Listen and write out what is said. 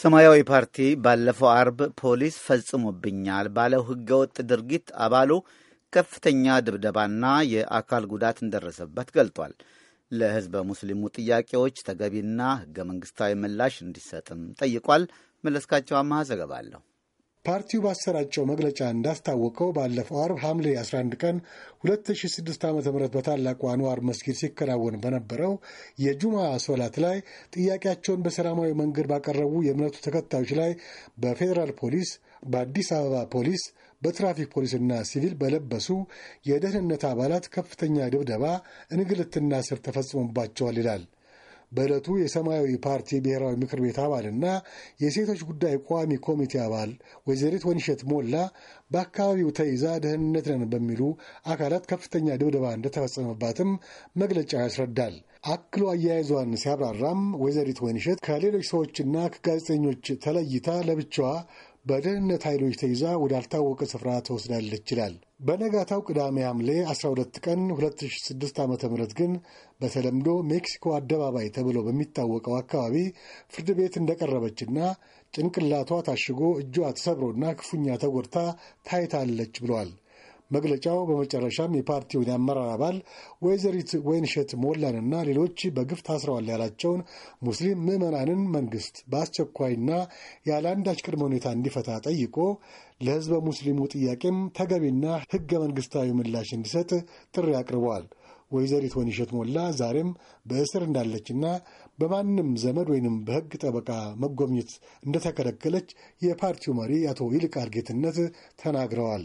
ሰማያዊ ፓርቲ ባለፈው አርብ ፖሊስ ፈጽሞብኛል ባለው ህገወጥ ድርጊት አባሉ ከፍተኛ ድብደባና የአካል ጉዳት እንደደረሰበት ገልጧል። ለህዝበ ሙስሊሙ ጥያቄዎች ተገቢና ህገ መንግስታዊ ምላሽ እንዲሰጥም ጠይቋል። መለስካቸው አማሃ ዘገባ ፓርቲው ባሰራጨው መግለጫ እንዳስታወቀው ባለፈው አርብ ሐምሌ 11 ቀን 2006 ዓ ም በታላቁ አንዋር መስጊድ ሲከናወን በነበረው የጁማ ሶላት ላይ ጥያቄያቸውን በሰላማዊ መንገድ ባቀረቡ የእምነቱ ተከታዮች ላይ በፌዴራል ፖሊስ፣ በአዲስ አበባ ፖሊስ፣ በትራፊክ ፖሊስና ሲቪል በለበሱ የደህንነት አባላት ከፍተኛ ድብደባ፣ እንግልትና ስር ተፈጽሞባቸዋል ይላል። በዕለቱ የሰማያዊ ፓርቲ ብሔራዊ ምክር ቤት አባልና የሴቶች ጉዳይ ቋሚ ኮሚቴ አባል ወይዘሪት ወንሸት ሞላ በአካባቢው ተይዛ ደህንነት ነን በሚሉ አካላት ከፍተኛ ድብደባ እንደተፈጸመባትም መግለጫው ያስረዳል። አክሎ አያይዟን ሲያብራራም ወይዘሪት ወንሸት ከሌሎች ሰዎችና ከጋዜጠኞች ተለይታ ለብቻዋ በደህንነት ኃይሎች ተይዛ ወዳልታወቀ ስፍራ ተወስዳለች ይላል። በነጋታው ቅዳሜ ሐምሌ 12 ቀን 2006 ዓ ም ግን በተለምዶ ሜክሲኮ አደባባይ ተብሎ በሚታወቀው አካባቢ ፍርድ ቤት እንደቀረበችና ጭንቅላቷ ታሽጎ እጇ ተሰብሮና ክፉኛ ተጎድታ ታይታለች ብሏል። መግለጫው በመጨረሻም የፓርቲውን የአመራር አባል ወይዘሪት ወይንሸት ሞላንና ሌሎች በግፍ ታስረዋል ያላቸውን ሙስሊም ምዕመናንን መንግስት በአስቸኳይና ያለ አንዳች ቅድመ ሁኔታ እንዲፈታ ጠይቆ ለህዝበ ሙስሊሙ ጥያቄም ተገቢና ህገ መንግስታዊ ምላሽ እንዲሰጥ ጥሪ አቅርበዋል። ወይዘሪት ወይንሸት ሞላ ዛሬም በእስር እንዳለችና በማንም ዘመድ ወይንም በህግ ጠበቃ መጎብኘት እንደተከለከለች የፓርቲው መሪ አቶ ይልቃል ጌትነት ተናግረዋል።